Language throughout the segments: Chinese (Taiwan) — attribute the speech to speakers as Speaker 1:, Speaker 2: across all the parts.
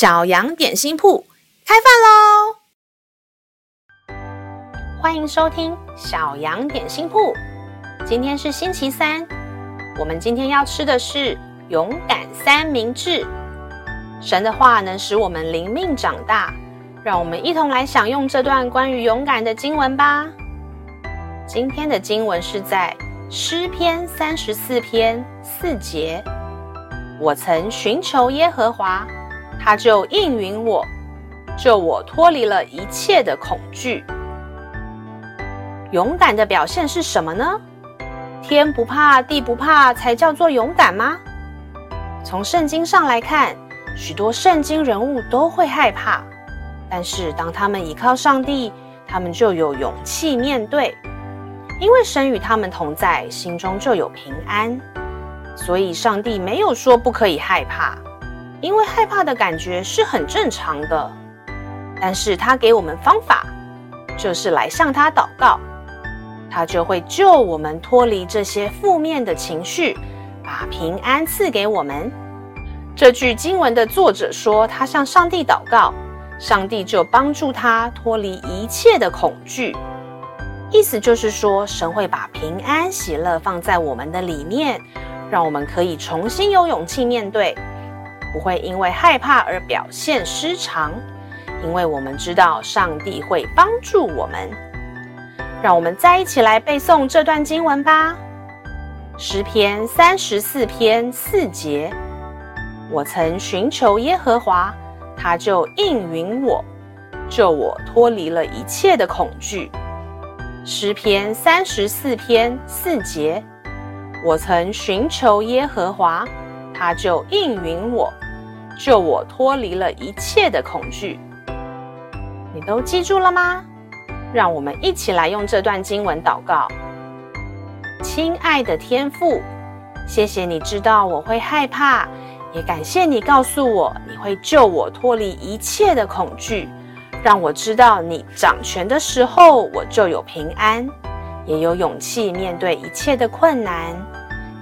Speaker 1: 小羊點心鋪開飯嘍！歡迎收聽小羊點心鋪。今天是星期三，我們今天要吃的是勇敢三明治。神的話能使我們靈命長大，讓我們一同來享用這段關於勇敢的經文吧。今天的經文是在詩篇三十四篇四節：“我曾尋求耶和華。”他就應允我，救我脫離了一切的恐懼。勇敢的表現是什麼呢？天不怕地不怕才叫做勇敢嗎？從聖經上來看，許多聖經人物都會害怕，但是當他們倚靠上帝，他們就有勇氣面對，因為神與他們同在，心中就有平安。所以，上帝沒有說不可以害怕。因為害怕的感覺是很正常的，但是他給我們方法，就是來向他禱告，他就會救我們脫離這些負面的情緒，把平安賜給我們。這句經文的作者說，他向上帝禱告，上帝就幫助他脫離一切的恐懼。意思就是說，神會把平安喜樂放在我們的裡面，讓我們可以重新有勇氣面對。不會因為害怕而表現失常，因為我們知道上帝會幫助我們。讓我們再一起來背誦這段經文吧，《詩篇》三十四篇四節：“我曾尋求耶和華，他就應允我，救我脫離了一切的恐懼。”《詩篇》三十四篇四節：“我曾尋求耶和華。”他就應允我，救我脫離了一切的恐懼。你都記住了嗎？讓我們一起來用這段經文禱告。親愛的天父，謝謝你知道我會害怕，也感謝你告訴我你會救我脫離一切的恐懼，讓我知道你掌權的時候我就有平安，也有勇氣面對一切的困難。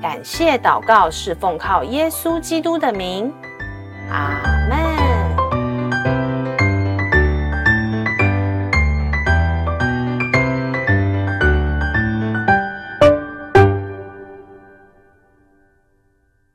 Speaker 1: 感謝禱告，是奉靠耶穌基督的名，啊。